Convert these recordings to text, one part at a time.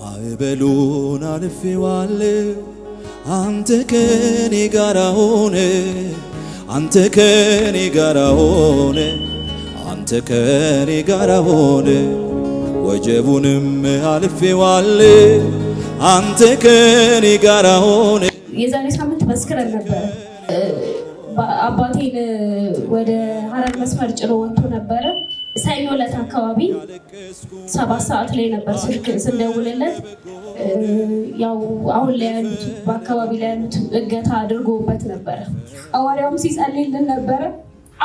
ማዕበሉን አልፌዋለሁ። አንተ ከኔ ጋራ ሆነ፣ አንተ ከኔ ጋራ ሆነ፣ አንተ ከኔ ጋራ ሆነ። ወጀቡንም አልፌዋለሁ። አንተ ከኔ ጋራ ሆነ። የዛሬ ሳምንት መስክረን ነበረ። አባቴን ወደ ሀረር መስመር ጭኖ ወጥቶ ነበረ ሰኞ ዕለት አካባቢ ሰባት ሰዓት ላይ ነበር ስልክ ስንደውልለት ያው አሁን ላይ ያሉት በአካባቢ ላይ ያሉት እገታ አድርጎበት ነበረ። አዋርያውም ሲጸልይልን ነበረ።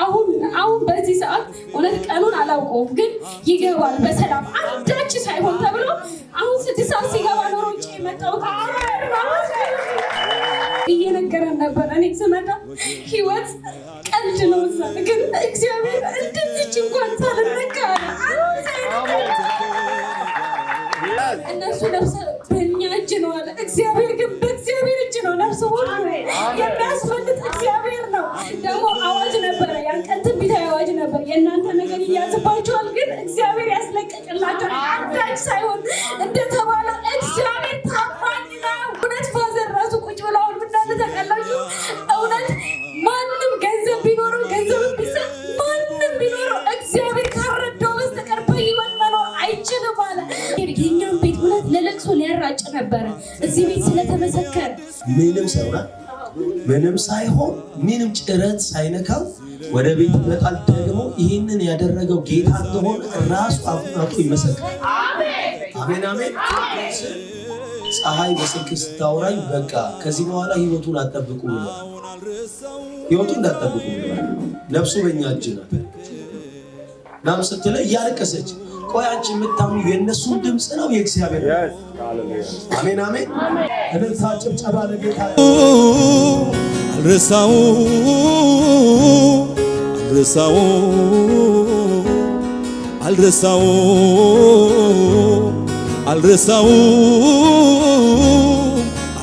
አሁን አሁን በዚህ ሰዓት እውነት ቀኑን አላውቀውም፣ ግን ይገባል በሰላም አንድ ነበረ። እኔ ስመጣ ህይወት ቀልድ ነው እዛ ግን እግዚአብሔር እንደዚች እንኳን ሳልነካ እነሱ ነፍሰ በእኛ እጅ ነው አለ እግዚአብሔር ግን በእግዚአብሔር እጅ ነው ነፍስ ሁሉ የሚያስፈልጥ እግዚአብሔር ነው። ደግሞ አዋጅ ነበረ፣ ያን ቀን ትንቢታዊ አዋጅ ነበር። የእናንተ ነገር እያዝባችኋል፣ ግን እግዚአብሔር ያስለቀቅላቸው አንዳች ሳይ ይቋጭ ነበር። እዚህ ቤት ስለተመሰከረ ምንም ሰራ ምንም ሳይሆን ምንም ጭረት ሳይነካው ወደ ቤት ይመጣል። ደግሞ ይህንን ያደረገው ጌታ እንደሆነ ራሱ አፍናቱ ይመሰክራል። አሜን አሜን። ፀሐይ በስልክ ስታወራኝ በቃ ከዚህ በኋላ ህይወቱን አጠብቁ ነው ህይወቱን እንዳጠብቁ ነፍሱ በእኛ እጅ ናት ናም ስትለ እያለቀሰች ቆይ አንቺ የምታምኑ የእነሱ ድምፅ ነው የእግዚአብሔር አሜን አሜን እልልታ ጭብጨባ ለጌታ አልረሳው አልረሳው አልረሳው አልረሳው